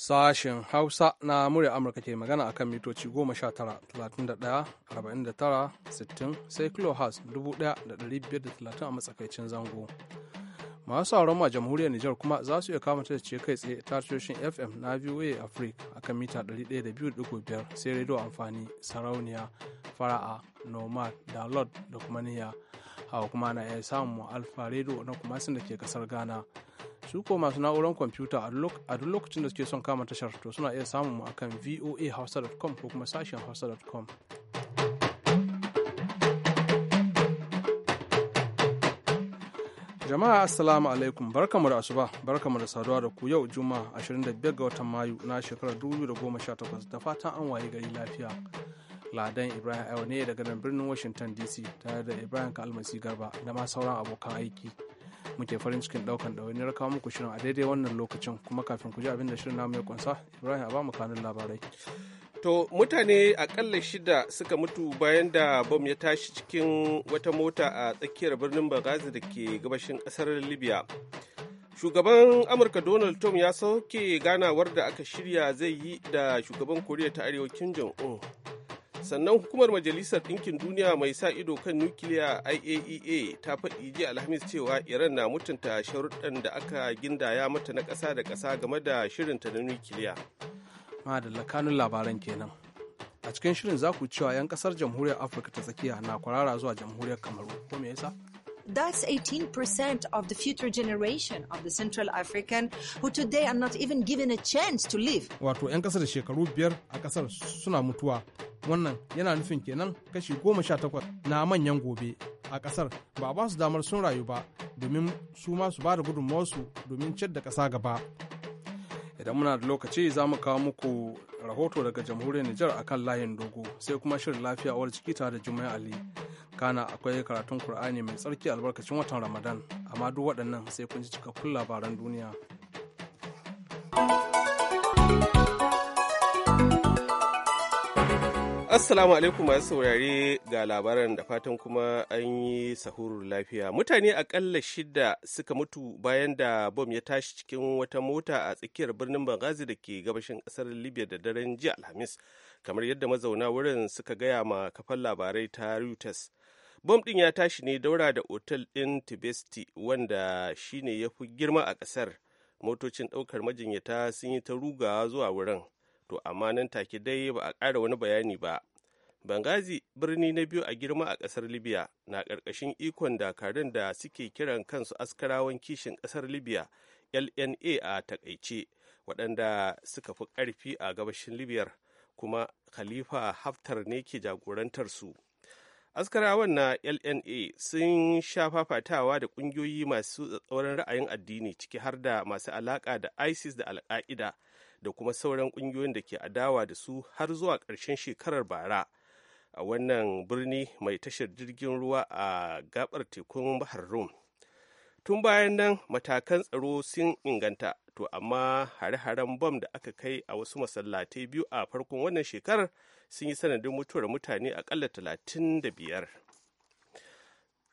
Sashen Hausa na murya Amurka ke magana akan mitoci 19-31-49-60 sai kilohas 1,530 a matsakaicin zango. Masu sauran ma jamhuriyar Nijar kuma za su iya kama ta ce kai tsaye ta tashoshin FM na VOA Africa akan mita 102.5 sai rediyo amfani sarauniya fara'a nomad da lord da kuma niyya hawa kuma na iya samun alfa na kuma sun da ke kasar Ghana. su ko masu na'urar kwamfuta a duk lokacin da suke son kama tashar to suna iya samun mu akan voahausa.com ko kuma sashen hausa.com jama'a assalamu alaikum barkamu da asuba barkamu da saduwa da ku yau juma'a 25 ga watan mayu na shekarar 2018 da fatan an waye gari lafiya ladan ibrahim ayo ne daga nan birnin washington dc tare da ibrahim kalmasi garba da ma sauran abokan aiki muke farin cikin daukan wani kawo muku shirin a daidai wannan lokacin kuma kafin ku ji abin da shirin namu ya kunsa ibrahim a ba mu kanun labarai To mutane akalla shida suka mutu bayan da bom ya tashi cikin wata mota a tsakiyar birnin bagazi da ke gabashin kasar Libya. Shugaban Amurka Donald Trump ya sauke ganawar da aka shirya zai yi da shugaban Koriya ta Arewa Kim Jong-un. sannan hukumar majalisar ɗinkin duniya mai sa ido kan nukiliya iaea e ta faɗi ji alhamis cewa iran na mutunta sharuɗan da aka gindaya mata na ƙasa da ƙasa game da shirinta na nukiliya madalla kanun labaran kenan a cikin shirin za ku cewa 'yan ƙasar jamhuriyar afirka ta tsakiya na kwarara zuwa jamhuriyar kamaru ko me yasa That's 18% of the future generation of the Central African who today are not even given a chance to live. Wato 'yan ƙasa da shekaru biyar a kasar suna mutuwa. Wannan yana nufin kenan kashi goma sha takwas na manyan gobe a kasar ba a ba su damar sun rayu ba domin su ma su ba da gudunmawarsu domin ciyar da kasa gaba. idan muna da lokaci za mu kawo muku rahoto daga jamhuriyar Nijar akan layin dogo sai kuma shirin lafiya uwar ciki tare da Jummai Ali kana akwai karatun kur'ani mai tsarki albarkacin watan ramadan amma duk waɗannan sai kun ji cikakkun labaran duniya Assalamu alaikum masu saurare ga labaran da fatan kuma an yi sahurur lafiya. Mutane akalla shida suka mutu bayan da bom ya tashi cikin wata mota a tsakiyar birnin Benghazi da ke gabashin kasar Libya da daren jiya Alhamis, kamar yadda mazauna wurin suka gaya ma kafan labarai ta Reuters. bom ɗin ya tashi ne daura da otal ɗin tibesti wanda shine ya fi girma a ƙasar motocin ɗaukar majinyata sun yi ta rugawa zuwa wurin to amma nan take dai ba a ƙara wani bayani ba bangazi birni na biyu a girma a ƙasar libya na ƙarƙashin ikon dakarun da suke kiran kansu askarawan kishin ƙasar libya lna a takaice waɗanda suka fi ƙarfi a gabashin libyar kuma khalifa haftar ne ke jagorantar su askarawan na lna sun sha fafatawa da ƙungiyoyi masu tsatsauran ra'ayin addini ciki har da masu alaƙa da isis da alƙa'ida da kuma sauran ƙungiyoyin da ke adawa da su har zuwa ƙarshen shekarar bara a wannan birni mai tashar jirgin ruwa a gabar tekun bahar rum tun bayan nan matakan tsaro sun inganta to amma hare-haren bom da aka kai a wasu masallatai biyu a farkon wannan shekarar sun yi sanadin mutuwar mutane akalla talatin da biyar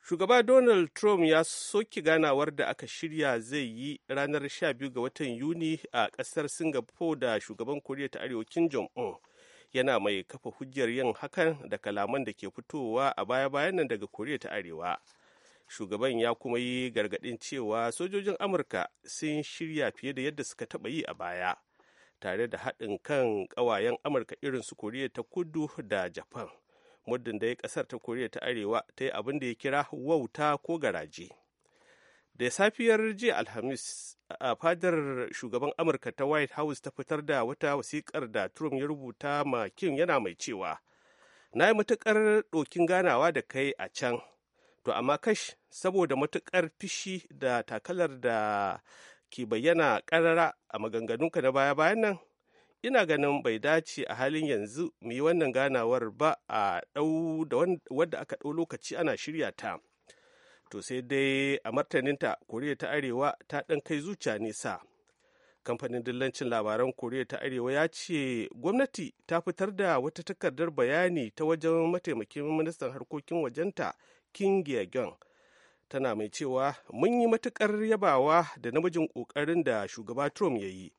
shugaba donald trump ya soke ganawar da aka shirya zai yi ranar 12 ga watan yuni a kasar singapore da shugaban koriya ta arewa kim jong-un yana mai kafa hujjar yin hakan da kalaman da ke fitowa a baya-bayan nan daga koriya ta arewa shugaban ya kuma yi gargaɗin cewa sojojin amurka sun shirya fiye da yadda suka taɓa yi a baya tare da haɗin kan ƙawayen amurka irin su koriya ta kudu da japan muddin da ya ƙasar ta koriya ta arewa ta yi abin da ya kira wauta ko garaje da safiyar jiya alhamis a fadar shugaban amurka ta white house ta fitar da wata wasiƙar da trump ya rubuta ma yana mai cewa na yi matuƙar ɗokin ganawa da kai a can to amma kash saboda matukar fishi da takalar da ke bayyana karara a maganganunka na baya-bayan nan ina ganin bai dace a halin yanzu mu yi wannan ganawar ba a ɗau da wadda aka ɗau lokaci ana shirya ta to sai dai a martaninta koriya ta arewa ta ɗan kai zuciya nisa kamfanin dillancin labaran koriya ta arewa ya ce gwamnati ta fitar da wata takardar bayani ta wajen mataimakin ministan harkokin wajenta Kim gyong tana mai cewa mun yi matukar yabawa da namijin ƙoƙarin da shugaba Trump ya yi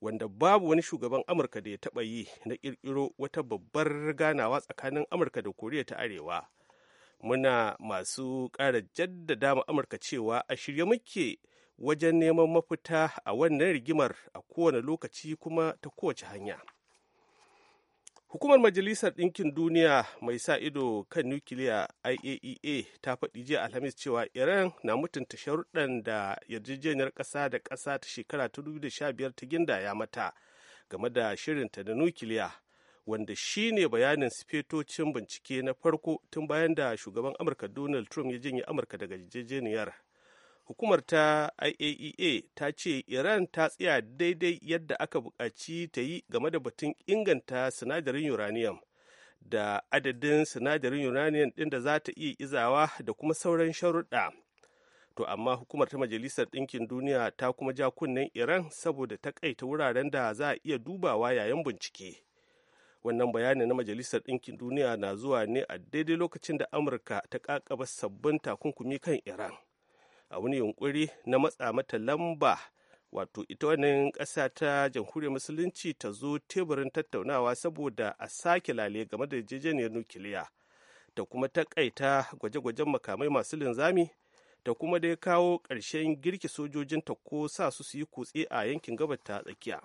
wanda babu wani shugaban Amurka da ya taɓa yi na ƙirƙiro wata babbar ganawa tsakanin Amurka da Koriya ta Arewa. Muna masu ƙara jaddada mu Amurka cewa a shirye muke wajen neman mafita a wannan rigimar a kowane lokaci kuma ta kowace hanya. Hukumar Majalisar Ɗinkin Duniya mai sa ido kan nukiliya IAEA e ta faɗi jiya Alhamis cewa Iran na mutunta sharuɗan da yarjejeniyar ƙasa da ƙasa ta shekara 2015 ta gindaya mata game da shirinta da nukiliya wanda shi ne bayanin sifetocin bincike na farko tun bayan da shugaban Amurka Donald Trump ya janye Amurka daga yarjejeniyar. hukumar ta iaea e ta ce iran ta tsaya daidai yadda aka buƙaci ta yi game da batun inganta sinadarin uranium da adadin sinadarin uranium ɗin da za ta iya izawa da kuma sauran sharuɗa to amma hukumar ta majalisar ɗinkin duniya ta kuma ja kunnen iran saboda ta kaita wuraren da za a iya dubawa yayin bincike wannan bayani na majalisar ɗinkin duniya na zuwa ne a daidai lokacin da amurka ta ƙaƙaba sabbin takunkumi kan iran a wani yunkuri na matsa mata lamba wato ita wannan ƙasa ta jamhuriyar musulunci ta zo teburin tattaunawa saboda a sake lale game da yarjejeniyar nukiliya ta kuma takaita gwaje-gwajen makamai masu linzami ta kuma dai kawo ƙarshen girki sojojin ta ko sa su yi kutse a yankin gabar ta tsakiya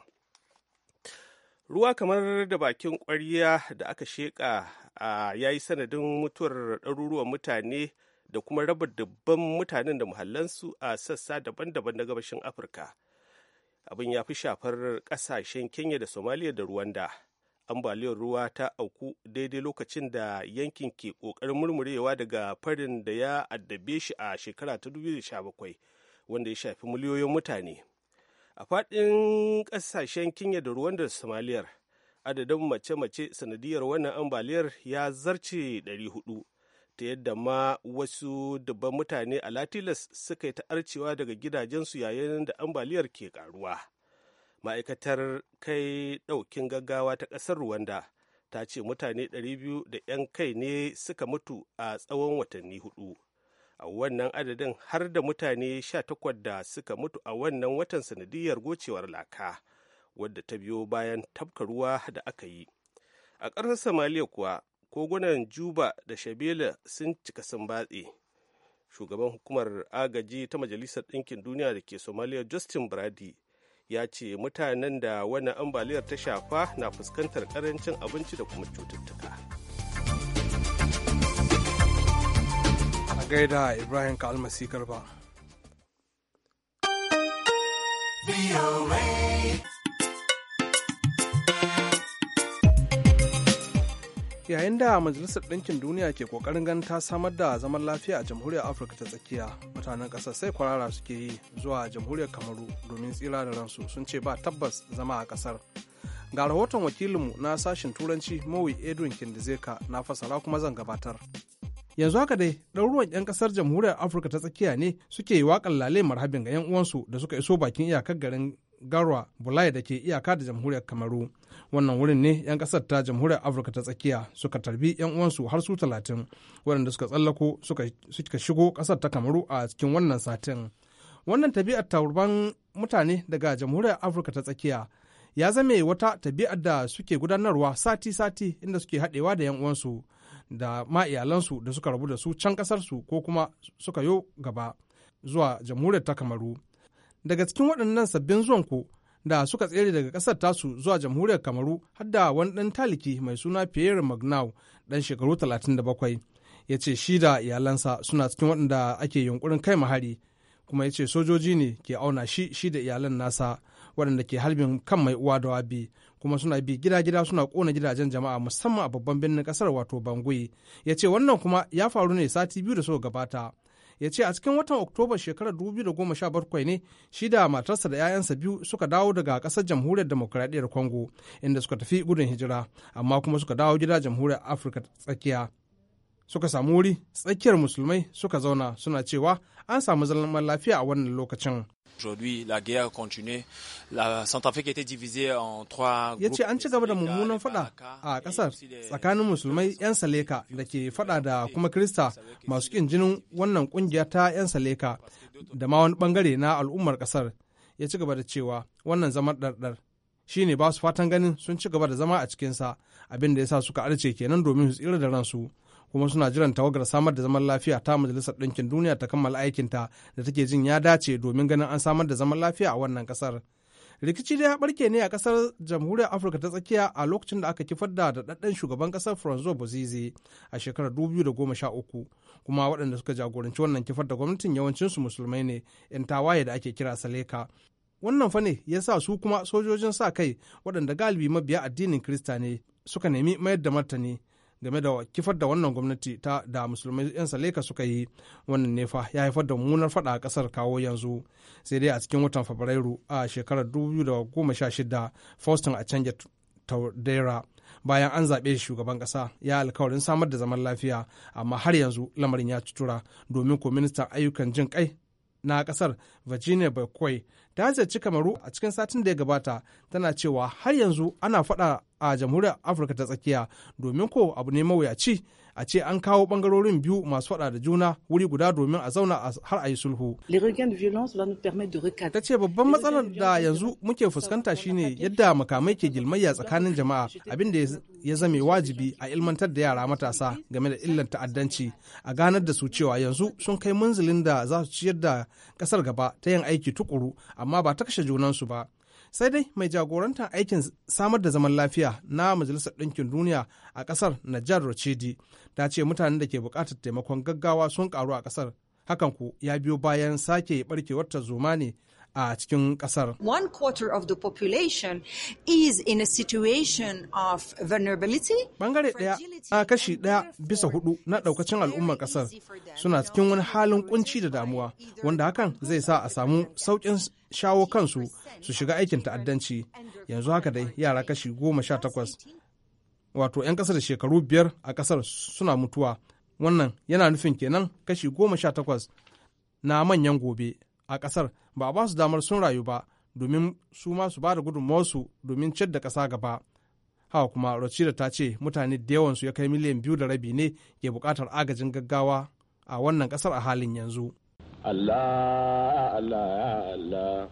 ruwa kamar da bakin ƙwarya da aka sheƙa a yayi sanadin mutuwar ɗaruruwan mutane da kuma raba dubban mutanen da muhallansu a sassa daban-daban na gabashin afirka abin ya fi shafar ƙasashen kenya da somaliya da ruwanda. ambaliyar ruwa ta auku daidai lokacin da yankin ke ƙoƙarin murmurewa daga farin da ya addabe shi a shekara ta 2017 wanda ya shafi miliyoyin mutane a faɗin ƙasashen kenya da ruwan da somaliyar adadin mace-mace sanadiyar wannan ambaliyar ya zarce 400 ta yadda ma wasu dubban mutane a latilas suka yi ta'arcewa daga gidajensu yayin da ambaliyar ke karuwa ma'aikatar kai ɗaukin gaggawa ta ƙasar rwanda ta ce mutane 200 da 'yan kai ne suka mutu a tsawon watanni hudu a wannan adadin har da mutane 18 da suka mutu a wannan watan sanadiyar gocewar laka wadda ta biyo bayan tafka ruwa da aka yi a ƙasar somaliya kuwa kogunan juba da shabela sun cika sun batse shugaban hukumar agaji ta majalisar ɗinkin duniya da ke somaliya justin brady ya ce mutanen da wani ambaliyar ta shafa na fuskantar karancin abinci da kuma cututtuka a gaida ibrahim ka almasi yayin da majalisar ɗinkin duniya ke ƙoƙarin ganin ta samar da zaman lafiya a jamhuriyar afirka ta tsakiya mutanen ƙasar sai kwarara suke yi zuwa jamhuriyar kamaru domin tsira da ransu sun ce ba tabbas zama a ƙasar ga rahoton wakilinmu na sashen turanci mawi edwin kindizeka na fasara kuma zan gabatar yanzu haka dai ɗaruruwan 'yan ƙasar jamhuriyar afirka ta tsakiya ne suke yi waƙar lale marhabin ga 'yan uwansu da suka iso bakin iyakar garin garwa bulai da ke iyaka da jamhuriyar kamaru wannan wurin ne 'yan kasar ta jamhuriyar afirka ta tsakiya suka tarbi 'yan uwansu har su talatin waɗanda suka tsallako suka shigo kasar ta kamaru a cikin wannan satin wannan tabi'ar taurban mutane daga jamhuriyar afirka ta tsakiya ya zame wata tabi'ar da suke gudanarwa sati-sati inda suke haɗewa da 'yan uwansu da ma iyalansu da suka rabu da su can su ko kuma suka yo gaba zuwa jamhuriyar ta kamaru daga cikin waɗannan sabbin zuwan ku da suka tsere daga ƙasar tasu zuwa jamhuriyar kamaru har da wani ɗan taliki mai suna pierre magnau ɗan shekaru 37 ya ce shi da iyalansa suna cikin waɗanda ake yunkurin kai mahari kuma ya ce sojoji ne ke auna shi shi da iyalan nasa waɗanda ke halbin kan mai uwa da wabi kuma suna bi gida-gida suna ƙona gidajen jama'a musamman a babban birnin ƙasar wato bangui ya ce wannan kuma ya faru ne sati biyu da suka gabata ya ce a cikin watan oktoba shekarar 2017 ne shi da matarsa da 'ya'yansa biyu suka dawo daga ƙasar jamhuriyar demokuraɗiyyar congo inda suka tafi gudun hijira amma kuma suka dawo gida jamhuriyar afirka tsakiya suka samu wuri tsakiyar musulmai suka zauna suna cewa an samu zaman lafiya a wannan lokacin Aujourd'hui, la guerre continue. La Centrafrique était divisée en trois groupes. an ci gaba da mummunan fada a kasar tsakanin musulmai 'yan Saleka da ke fada da kuma Krista masu kin jinin wannan kungiya ta 'yan Saleka da ma wani bangare na al'ummar kasar. Ya ci gaba da cewa wannan zaman ɗarɗar shi ne ba su fatan ganin sun ci gaba da zama a cikinsa abin da ya sa suka arce kenan domin su tsira da ransu. kuma suna jiran tawagar samar da zaman lafiya ta majalisar ɗinkin duniya ta kammala aikinta da take jin ya dace domin ganin an samar da zaman lafiya a wannan ƙasar. rikici dai ya barke ne a kasar jamhuriyar afirka ta tsakiya a lokacin da aka kifar da daɗaɗɗen shugaban kasar franzo bozize a shekarar 2013 kuma waɗanda suka jagoranci wannan kifar da gwamnatin yawancinsu musulmai ne 'yan tawaye da ake kira saleka wannan fa ne ya sa su kuma sojojin sa kai waɗanda galibi mabiya addinin kirista ne suka nemi mayar da martani game da kifar da wannan gwamnati ta da musulmai 'yan saleka suka yi wannan nefa ya haifar da mummunar fada a kasar kawo yanzu sai dai a cikin watan fabrairu a shekarar 2016 faustin a canja taudera bayan an zaɓe shugaban ƙasa ya alkawarin samar da zaman lafiya amma har yanzu lamarin ya ci tura domin ko ministan ayyukan jin kai na kasar virginia bakwai ta ziyarci kamaru a cikin satin da ya gabata tana cewa har yanzu ana fada a jamhuriyar afirka ta tsakiya domin ko abu ne mawuyaci a ce an kawo bangarorin biyu masu faɗa da juna wuri guda domin a zauna har a yi sulhu. Ta ce babban matsalar da yanzu muke fuskanta shine yadda makamai ke gilmayya tsakanin jama'a abin da ya zame wajibi a ilmantar da yara matasa game da illan ta'addanci a ganar da su cewa yanzu sun kai munzilin da za su ciyar da kasar gaba ta yin aiki tukuru amma ba ta kashe junansu ba. sai dai mai jagorantar aikin samar da zaman lafiya na majalisar ɗinkin duniya a ƙasar najar rochidi ta ce mutanen da ke buƙatar taimakon gaggawa sun ƙaru a ƙasar hakan ku ya biyo bayan sake barkewar tarzoma ne a cikin kasar. One quarter of the population is in a situation of vulnerability. Bangare daya a kashi daya bisa hudu na daukacin al'ummar kasar suna cikin wani halin kunci da damuwa wanda hakan zai sa a samu saukin shawo kansu su shiga aikin ta'addanci yanzu haka dai yara kashi goma sha takwas wato 'yan kasar da shekaru biyar a kasar suna mutuwa wannan yana nufin kenan kashi goma sha takwas na manyan gobe a ƙasar ba a ba su damar sun rayu ba domin su ma su ba da gudunmawarsu domin ciyar da ƙasa gaba hawa kuma rashida ta ce mutane da su ya kai miliyan biyu da rabi ne ke buƙatar agajin gaggawa a wannan ƙasar a halin yanzu Allah Allah ya Allah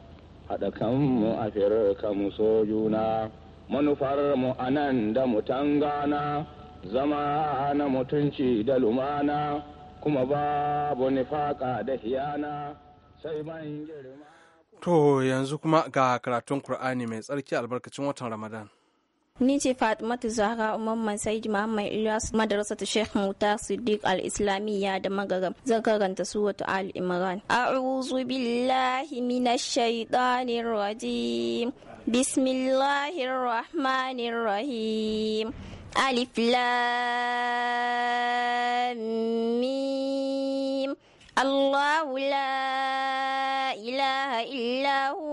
haɗa mu a mu so juna manufar mu anan da mu tangana zama na mutunci da lumana kuma babu nifaka da hiyana To yanzu kuma ga karatun Kur'ani mai tsarki albarkacin watan Ramadan. Ni ce Fatimatu Zahra Umar Said Muhammad Ilyas ta Sheikh Mutar Sidiq Al-Islamiyya da Magaram zan karanta suratu Al Imran. A'udhu billahi minash shaitanir rajim. Bismillahir rahmanir rahim. Alif lam mim. Allahu la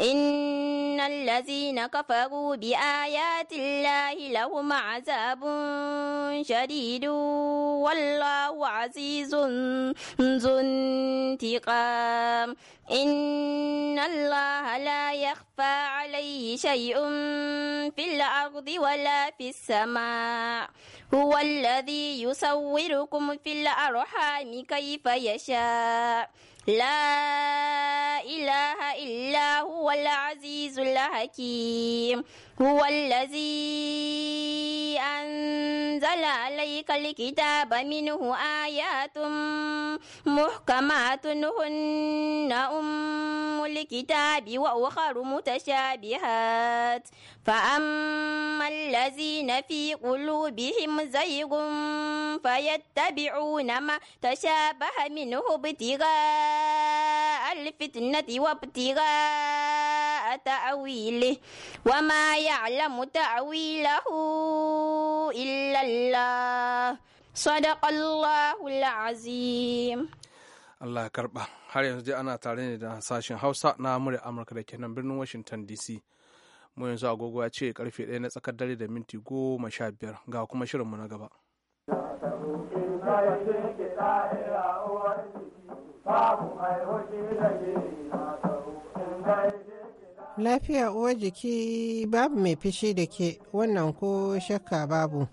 إن الذين كفروا بآيات الله لهم عذاب شديد والله عزيز ذو انتقام إن الله لا يخفى عليه شيء في الأرض ولا في السماء هو الذي يصوركم في الأرحام كيف يشاء لا إلا هو العزيز الحكيم هو الذي أنزل عليك الكتاب منه آيات محكمات هن أم الكتاب وأخر متشابهات فأما الذين في قلوبهم زيغ فيتبعون ما تشابه منه ابتغاء الفتنة وابتغاء تأويله وما يعلم تأويله illallah الله صدق الله Allah karba har yanzu dai ana tare ne da sashen Hausa na murya Amurka da ke birnin Washington DC. Mu yanzu agogo ya ce karfe ɗaya na tsakar dare da minti goma sha biyar ga kuma shirin mu na gaba. Babu mai Lafiya uwar jiki babu mai fishi da ke wannan ko shakka babu.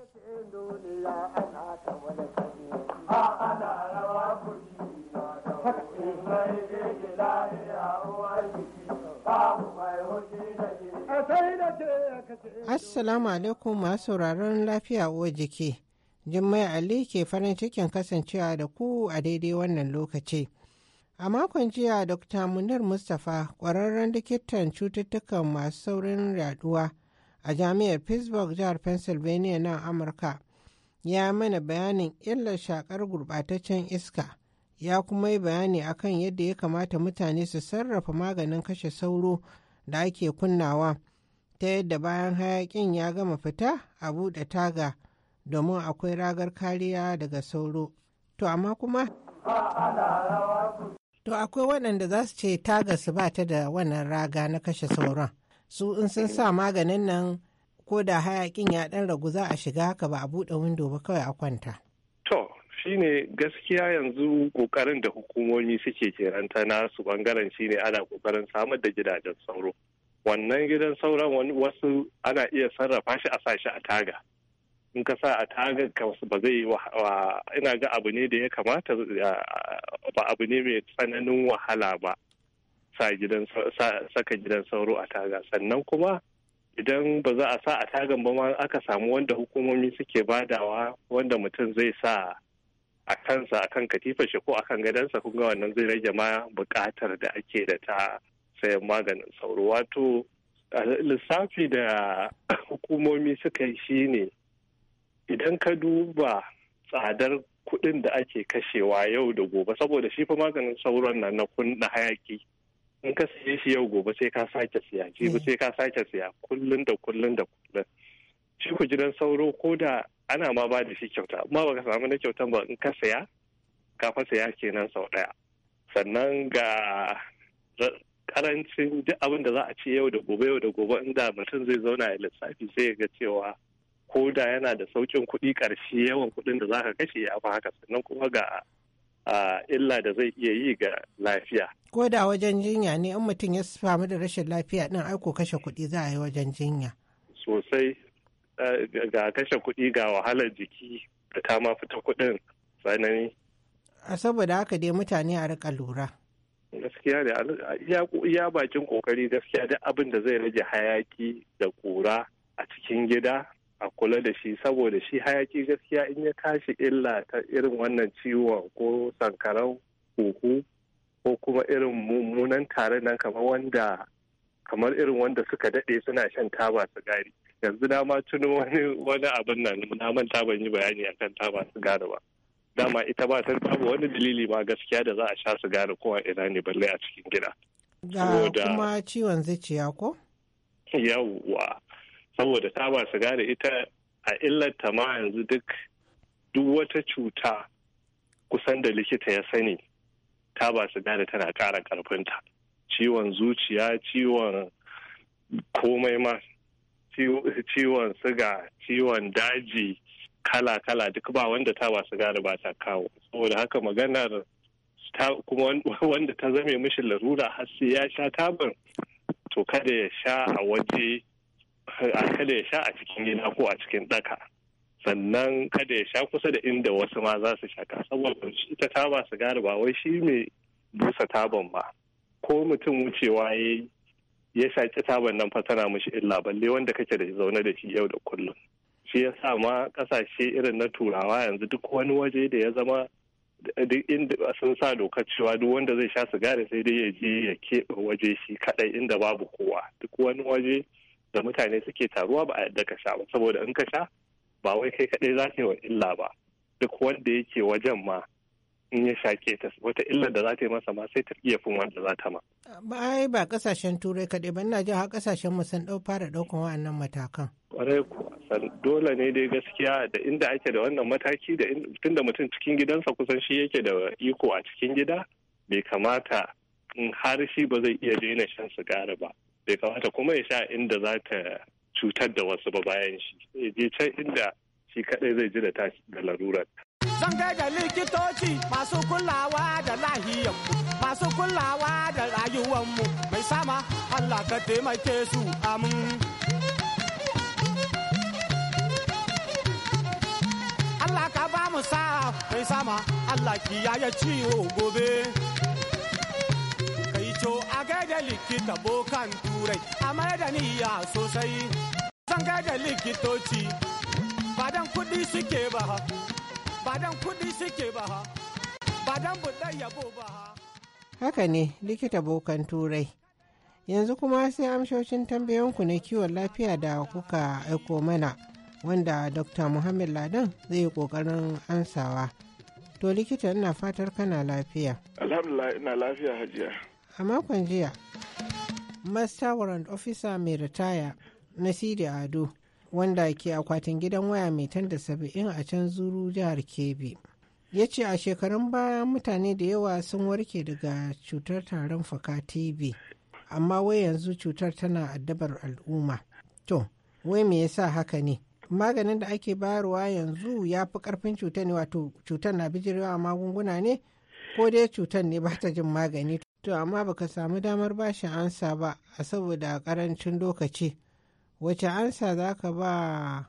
Assalamu alaikum masu sauraron lafiya uwar jiki. Jummai Ali ke farin cikin kasancewa da ku a daidai wannan lokaci. A makon jiya Dr. Munir Mustapha ƙwararren likitan cututtukan masu saurin yaduwa a jami'ar Pittsburgh jihar Pennsylvania nan Amurka ya mana bayanin illar shakar gurbataccen iska ya kuma yi bayani akan yadda ya kamata mutane su sarrafa maganin kashe sauro da ake kunnawa ta yadda bayan hayakin ya gama fita a buɗe taga domin akwai ragar kariya daga sauro. To amma kuma To akwai waɗanda za su ce taga su ba ta da wannan raga na kashe sauran. Su in sun sa maganin nan ko da hayakin ya ɗan ragu za a shiga haka ba a buɗe windo ba kawai a kwanta. To shi ne gaskiya yanzu ƙoƙarin da hukumomi suke keranta na su bangaren ne ana ƙoƙarin samar da gidajen sauro. Wannan gidan sauran wasu ana iya sarrafa shi a sa shi a taga. in ka sa a taga ka ba zai ina ga abu ne da ya kamata ba abu ne mai tsananin wahala ba sa gidan saka gidan sauro a taga sannan kuma idan ba za a sa a tagan ba ma aka samu wanda hukumomi suke badawa wanda mutum zai sa a kansa a kan katifa shi ko a akan gadansa kun ga wannan zai rage ma bukatar da ake da ta sayan maganin sauro wato lissafi da hukumomi suka yi shine idan ka duba tsadar kuɗin da ake kashewa yau da gobe saboda shi fa maganin sauron nan na kunna hayaki in ka siye shi yau gobe sai ka sake siya ba mm. sai ka sake siya kullun da kullun da kullun shi ku jiran sauro ko da ana ma ba da shi kyauta amma baka samu na kyautan ba in ka saya ka fa saya kenan sau ɗaya sannan ga karancin duk abin da za a ci yau da gobe yau da gobe inda mutum zai zauna ya lissafi sai ya ga cewa ko da yana da saukin kuɗi ƙarshe yawan kuɗin da za ka kashe ya fi haka sannan kuma ga illa da zai iya yi ga lafiya. Ko da wajen jinya ne in mutum ya samu da rashin lafiya ɗin aiko kashe kuɗi za a yi wajen jinya. Sosai ga kashe kuɗi ga wahalar jiki da ta ma fita kuɗin tsanani. A saboda haka dai mutane a rika lura. Gaskiya ne, iya bakin kokari gaskiya duk abin da zai rage hayaki da ƙura a cikin gida a kula da shi saboda shi hayaki gaskiya in ya tashi illa ta irin wannan ciwon ko sankaran huhu ko kuma irin mummunan tare nan kamar wanda kamar irin wanda suka daɗe suna shan taba sigari yanzu na ma tuno wani wani abin nan na manta ban yi bayani akan taba sigari ba dama ita ba ta babu wani dalili ma gaskiya da za a sha sigari ko ina ne balle a cikin gida. Da kuma ciwon zuciya ko? Yawwa saboda taba sigari ita a illarta ma yanzu duk duk wata cuta kusan da likita ya sani taba sigari tana ƙara karfinta ciwon zuciya ciwon komai ma ciwon siga ciwon daji kala-kala duk ba wanda taba sigari ba ta kawo saboda haka maganar kuma wanda ta zame mishi larura har sai ya sha tabar to kada ya sha a waje kada ya sha a cikin gida ko a cikin daka sannan kada ya sha kusa da inda wasu ma za su shaka saboda shi ta taba sigari ba wai shi mai busa taban ba ko mutum wucewa ya ya shaki taban nan fa tana mishi illa balle wanda kake da zaune da shi yau da kullum shi ya sa ma kasashe irin na turawa yanzu duk wani waje da ya zama duk inda sun sa dokar cewa duk wanda zai sha sigari sai dai ya je ya keɓe waje shi kaɗai inda babu kowa duk wani waje da mutane suke taruwa ba a yadda ka sha ba saboda in ka sha ba wai kai kaɗai za ka yi wa illa ba duk wanda yake wajen ma in ya shake ta wata illar da za ta yi masa ma sai ta iya fin wanda za ta ma. ba Ai ba kasashen turai kaɗai ba ina ji har kasashen mu sun ɗau fara ɗaukan wa'annan matakan. Kwarai kuwa dole ne dai gaskiya da inda ake da wannan mataki da tunda mutum cikin gidansa kusan shi yake da iko a cikin gida bai kamata in har shi ba zai iya daina shan sigari ba bai kamata kuma ya sha inda za ta cutar da wasu ba bayan shi je can inda shi kadai zai ji da tashi da larurar zan kai da likitoci masu kulawa da lahiyar masu kulawa da rayuwanmu mai sama allah ka taimake su amin Allah ka ba mu sa mai sama Allah kiyaye ciwo gobe to a gaida likita bokan turai a mai da niyya sosai san gaida likitoci badan kudi suke ba ha badan kudi suke ba ha badan budan yabo ba ha haka ne likita bokan turai yanzu kuma sai amshoshin tambayanku na kiwon lafiya da kuka aiko mana wanda dr muhammad ladan zai yi kokarin ansawa to likita ina fatar kana lafiya alhamdulillah ina lafiya hajiya a makon jiya master warrant officer mai ritaya na sidi ado wanda ke akwatin gidan waya mai tanda saba'in a can zuru jihar kebbi ya ce a shekarun baya mutane da yawa sun warke daga cutar tarin fuka tb amma wai yanzu cutar tana addabar al'umma to wai me yasa haka ne maganin da ake bayarwa yanzu ya fi karfin cutar ne wato cutar na bijirewa magunguna ne ko dai cutar ne ba ta jin magani To amma baka samu damar bashi ansa ba a saboda a karancin lokaci. Wace ansa za ka ba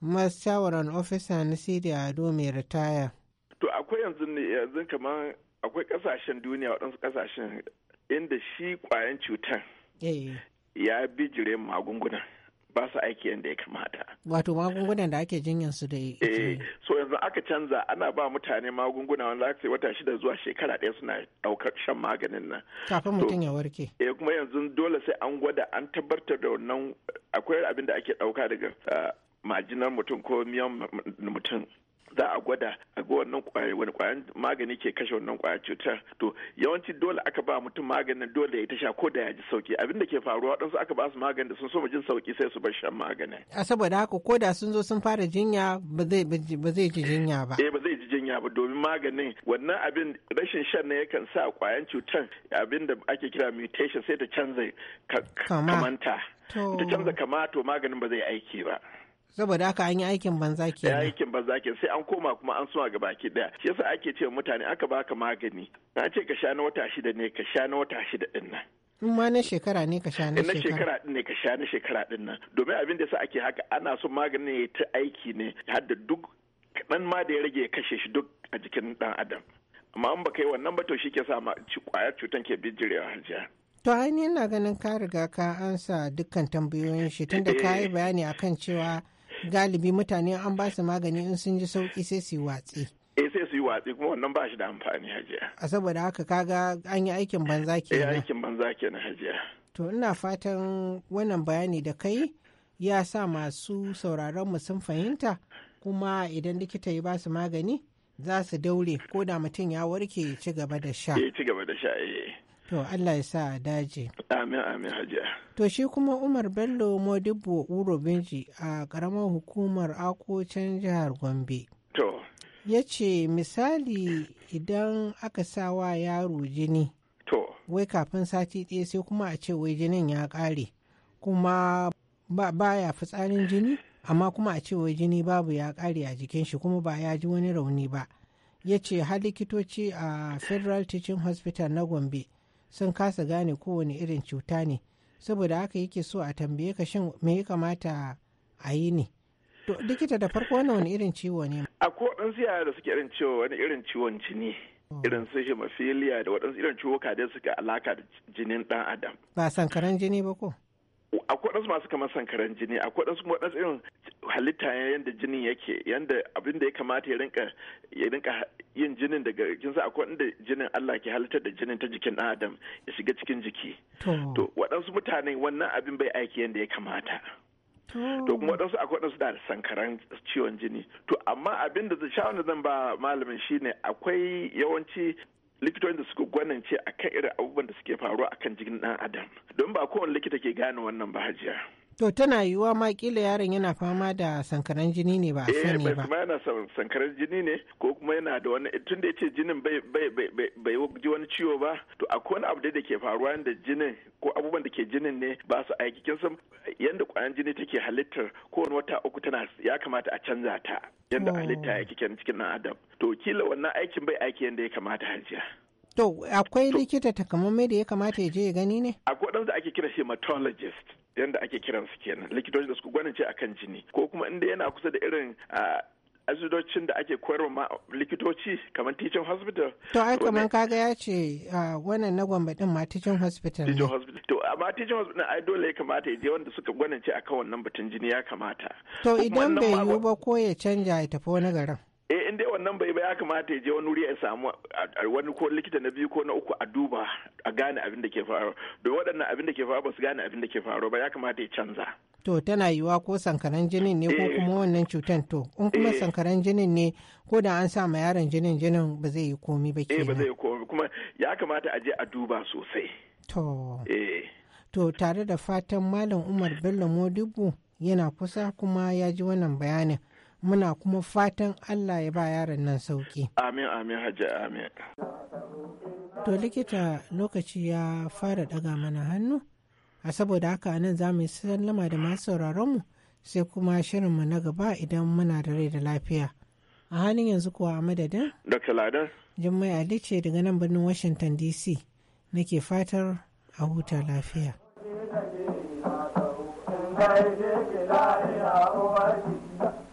mas shawaran ofisa na Siriya Ado mai ritaya? To akwai yanzu ne yanzu kamar akwai kasashen duniya waɗansu kasashen inda shi kwayan cutar eh. ya bijire magunguna. ba su aiki yadda ya kamata. Wato magungunan da ake jinyar su da Eh, so yanzu aka canza ana ba mutane magunguna wanda aka wata shida zuwa shekara ɗaya suna ɗaukar shan maganin nan. Kafin mutum ya warke. Eh kuma yanzu dole sai an gwada an tabbatar da wannan akwai abin da ake ɗauka daga ah, majinar mutum ko miyan mutum za a gwada a ga wannan wani kwayar magani ke kashe wannan kwayar cutar to yawanci dole aka ba mutum maganin dole ya ta sha ko da ya ji sauki abin da ke faruwa waɗansu aka ba su magani da sun so jin sauki sai su bar shan maganin a saboda haka ko da sun zo sun fara jinya ba zai ji jinya ba eh ba zai ji jinya ba domin maganin wannan abin rashin shan ne yakan sa kwayan cutar abin da ake kira mutation sai ta canza kamanta ta canza kama to maganin ba zai aiki ba saboda haka an yi aikin banza ke ya aikin banza ke sai an koma kuma an suma ga baki daya shi yasa ake ce mutane aka baka magani na ce ka sha na wata shida ne ka sha na wata shida din nan in ma na shekara ne ka sha na shekara na shekara din ne ka sha na shekara din nan domin abin da yasa ake haka ana son maganin ya ta aiki ne har da duk kaɗan ma da ya rage ya kashe shi duk a jikin ɗan adam amma an baka yi wannan ba to shi ke sa ma kwayar cutan ke bijirewa jiya To ainihin na ganin ka riga ka ansa dukkan tambayoyin shi tunda ka yi eh. bayani akan cewa galibi mutane an ba su magani in sun ji sauki sai su yi watsi eh sai su yi watsi kuma wannan ba shi da amfani hajiya a saboda haka kaga an yi aikin banza eh, kenan eh aikin banza kenan hajiya to ina fatan wannan bayani da kai ya sa masu sauraron mu sun fahimta kuma idan likita ya ba su magani za su daure ko da mutum ya warke ci gaba da sha. ci gaba da sha eh. To Allah ya sa a daji. Amin amin hajiya. To shi kuma Umar Bello Modibo Uro Benji a ƙaramar hukumar Akocin jihar Gombe. To. Ya ce misali idan aka sa wa yaro jini. To. Wai kafin sati ɗaya sai kuma a ce wai jinin ya ƙare. Kuma ba baya fitsarin jini amma kuma a ce wai jini babu ya ƙare a jikin shi kuma ba ya ji wani rauni ba. Ya ce har likitoci a Federal Teaching Hospital na Gombe. sun kasa gane kowane irin cuta ne saboda haka yake so a tambaye ka shin me ya kamata a yi ne to likita da farko wannan wani irin ciwo ne a ko dan siya da suke irin ciwo wani irin ciwon jini oh. irin su hemophilia da waɗansu irin ciwo kade suka alaka da jinin dan adam ba sankaran jini ba ko akwai ɗansu masu kamar sankaran jini akwai wadansu waɗansu irin halitta yadda jinin yake yadda abin da ya kamata ya rinka ya rinka yin jinin daga kin sa akwai inda jinin Allah ke halittar da jinin ta jikin adam ya shiga cikin jiki to waɗansu mutane wannan abin bai aiki yadda ya kamata to kuma waɗansu akwai waɗansu da sankaran ciwon jini to amma abin da da zan ba malamin shine akwai yawanci likitocin da suka gwanance akan irin abubuwan da suke faruwa akan jikin ɗan adam don ba kowane likita ke gane wannan ba hajiya To tana yiwuwa ma kila yaron yana fama da sankaran jini ne ba a eh, sani ba. Eh kuma yana sankaran jini ne ko kuma yana da wani tun da yace jinin bai bai bai bai ji wani ciwo ba to akwai wani abu da ke faruwa da jinin ko abubuwan da ke jinin ne ba su aiki kin san yanda kwayan jini take halittar wani wata uku tana ya kamata a canza ta yanda oh. halitta yake cikin nan adam to kila wannan aikin bai aiki yanda ya kamata hajiya. To akwai likita takamaimai da ya kamata ya je ya gani ne? Akwai ɗan da ake kira hematologist. yadda ake kiran su kenan likitocin da suka gwanince akan jini ko kuma inda yana kusa da irin asibitocin da ake koyarwa ma likitoci kamar teaching hospital. To ai kamar kaga ya ce wannan na gwamba din ma teaching hospital. Teaching hospital. To amma teaching hospital ai dole ya kamata ya je wanda suka gwanance akan wannan batun jini ya kamata. To idan bai yiwu ba ko ya canja ya tafi wani garin. e in dai wannan bai ba ya kamata ya je wani wuri ya samu wani ko likita na biyu ko na uku a duba a gane abin da ke faru da waɗannan abin da ke faru ba su gane abin da ke faru ba ya kamata ya canza to tana yiwa ko sankaran jinin ne ko eh. kuma wannan cutan to in kuma eh. sankaran jinin ne ko da an sa ma yaron jinin jinin ba zai yi komi ba ke ba zai yi komi kuma ya kamata a je a duba sosai to to tare da fatan malam Umar Bello Modibo yana kusa kuma ya ji wannan bayanin muna kuma fatan Allah ya ba yaron nan sauki. Amin amin hajji amin. To likita lokaci ya fara daga mana hannu, a saboda haka nan za mu sallama da masu sauraronmu sai kuma shirinmu na gaba idan muna da rai da lafiya. A halin yanzu kuwa a madadin? Dr. Ladar. Jummai Ali ce daga nan birnin Washington DC nake fatar a huta lafiya.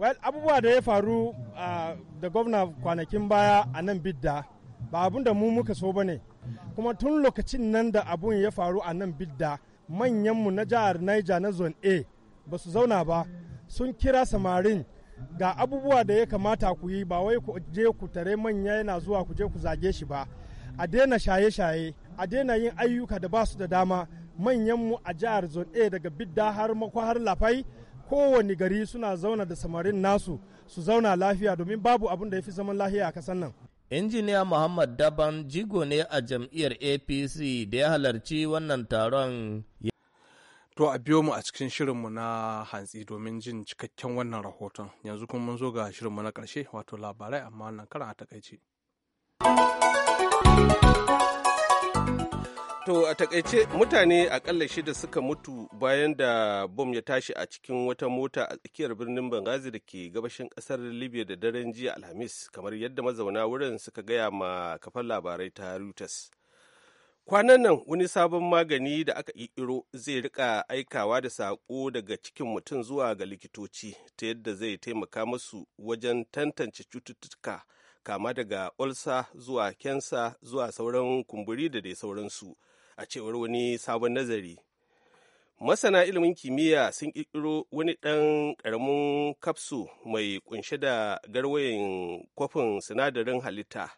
well abubuwa da ya faru da gwamna kwanakin baya a nan bidda ba abun da mu muka so ba ne kuma tun lokacin nan da abun ya faru a nan bidda manyanmu na jihar niger na zone a ba su zauna ba sun kira samarin ga abubuwa da ya kamata ku yi ba wai ku je ku tare manya yana zuwa ku je ku zage shi ba a daina shaye-shaye a daina yin ayyuka da ba su da dama manyanmu a jihar zone a daga bidda har makwa har lafai kowane gari suna zauna da samarin nasu su zauna lafiya domin babu abin da ya fi zaman lafiya a kasan nan. Injiniya Muhammad Daban jigo ne a jam'iyyar APC da ya halarci wannan taron. To a biyo mu a cikin shirinmu na hantsi domin jin cikakken wannan rahoton. Yanzu kuma mun zo ga shirinmu na ƙarshe wato labarai amma wannan karan a takaice. wato a takaice mutane akalla shida suka mutu bayan da bom ya tashi a cikin wata mota a tsakiyar birnin bangazi da ke gabashin kasar Libya da daren jiya Alhamis kamar yadda mazauna wurin suka gaya ma kafar labarai ta Reuters. Kwanan nan wani sabon magani da aka kirkiro zai rika aikawa da saƙo daga cikin mutum zuwa ga likitoci ta yadda zai taimaka musu wajen tantance cututtuka kama daga ulsa zuwa kensa zuwa sauran kumburi da dai sauransu. a cewar wani sabon nazari masana ilimin kimiyya sun ƙirƙiro wani ɗan ƙaramin kapsu mai kunshe da garwayin kwafin sinadarin halitta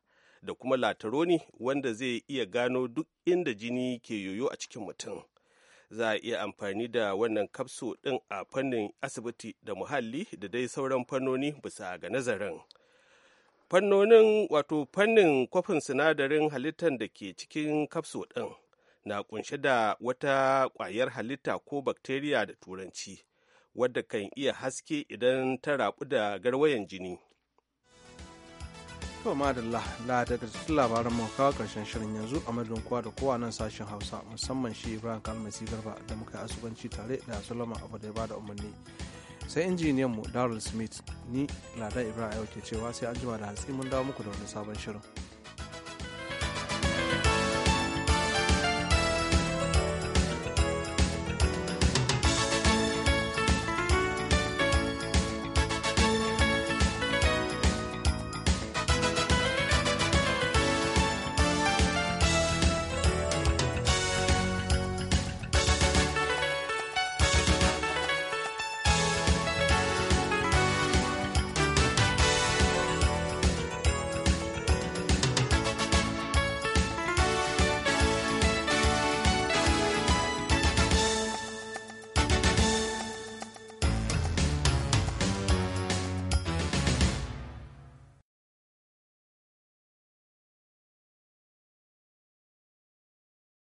da kuma lataroni wanda zai iya gano duk inda jini ke yoyo a cikin mutum za a iya amfani da wannan kapsu ɗin a fannin asibiti da muhalli da dai sauran fannoni bisa ga nazarin fannonin wato fannin kwafin sinadarin halittar da ke cikin kapsu ɗin na kunshe da wata kwayar halitta ko bakteriya da turanci wadda kan iya haske idan ta rabu da garwayan jini To madalla la da cikin labaran mu kawo karshen shirin yanzu a madadin kowa da kowa nan sashen Hausa musamman shi Ibrahim Kalmasi Garba da muka yi asubanci tare da Solomon Abu da ya bada umarni. Sai injiniyan mu darul Smith ni lada Ibrahim yau ke cewa sai an jima da hatsi mun dawo muku da wani sabon shirin.